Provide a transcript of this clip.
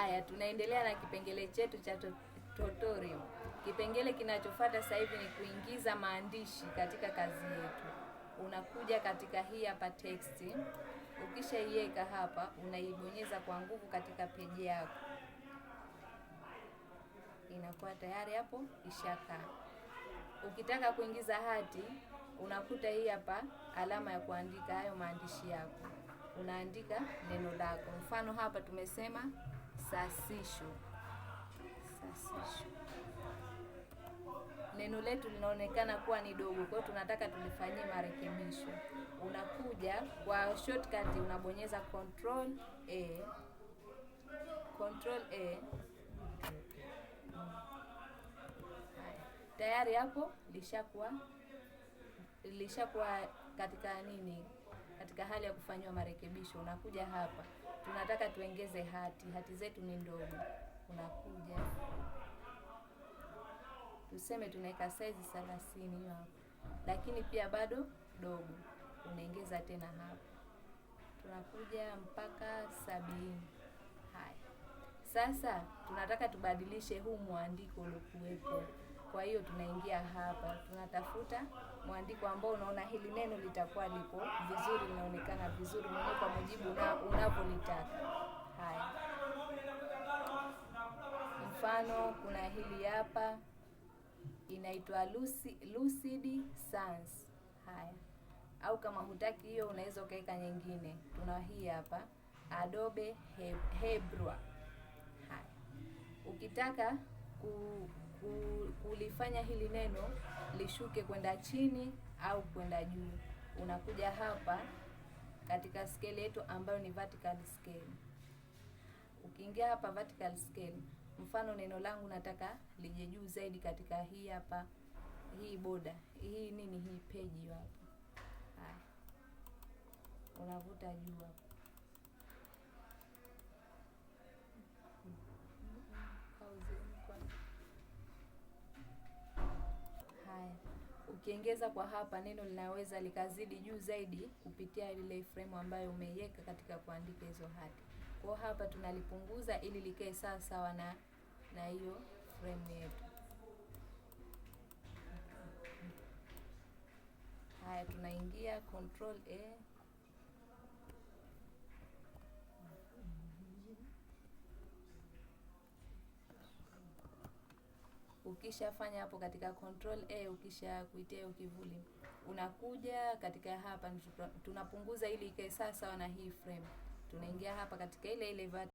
Haya, tunaendelea na kipengele chetu cha tutorial. Kipengele kinachofuata sasa hivi ni kuingiza maandishi katika kazi yetu. Unakuja katika hii hapa text, ukishaiweka hapa unaibonyeza kwa nguvu katika peji yako, inakuwa tayari hapo ishakaa. Ukitaka kuingiza hati, unakuta hii hapa alama ya kuandika hayo maandishi yako, unaandika neno lako. Mfano hapa tumesema sasisho sasisho. Neno letu linaonekana kuwa ni dogo, kwa hiyo tunataka tulifanyie marekebisho. Unakuja kwa shortcut, unabonyeza control A, control A. Tayari hapo lishakuwa lishakuwa katika nini, katika hali ya kufanyiwa marekebisho. Unakuja hapa tunataka tuongeze hati, hati zetu ni ndogo. Unakuja tuseme tunaweka saizi thelathini hapo, lakini pia bado dogo, unaongeza tena hapo, tunakuja mpaka sabini. Haya, sasa tunataka tubadilishe huu mwandiko uliokuwepo. Kwa hiyo tunaingia hapa, tunatafuta mwandiko ambao unaona hili neno litakuwa lipo vizuri, linaonekana vizuri mwenyewe kwa mujibu unavyolitaka. Haya, mfano kuna hili hapa inaitwa lucid sans. Haya, au kama hutaki hiyo unaweza ukaweka nyingine. Tuna hii hapa Adobe Hebrew. Haya, ukitaka ku kulifanya hili neno lishuke kwenda chini au kwenda juu. Unakuja hapa katika scale yetu ambayo ni vertical scale. Ukiingia hapa vertical scale, mfano neno langu nataka lije juu zaidi katika hii hapa hii boda hii nini hii peji hapa, unavuta juu hapa Ukiongeza kwa hapa neno linaweza likazidi juu zaidi kupitia ile fremu ambayo umeiweka katika kuandika hizo hati. Kwa hapa tunalipunguza ili likae sawa sawa na na hiyo fremu yetu. Haya, tunaingia control A Ukishafanya hapo katika control A, ukisha kuitia hiyo kivuli, unakuja katika hapa, tunapunguza ili ikae sawa na hii frame, tunaingia hapa katika ile ile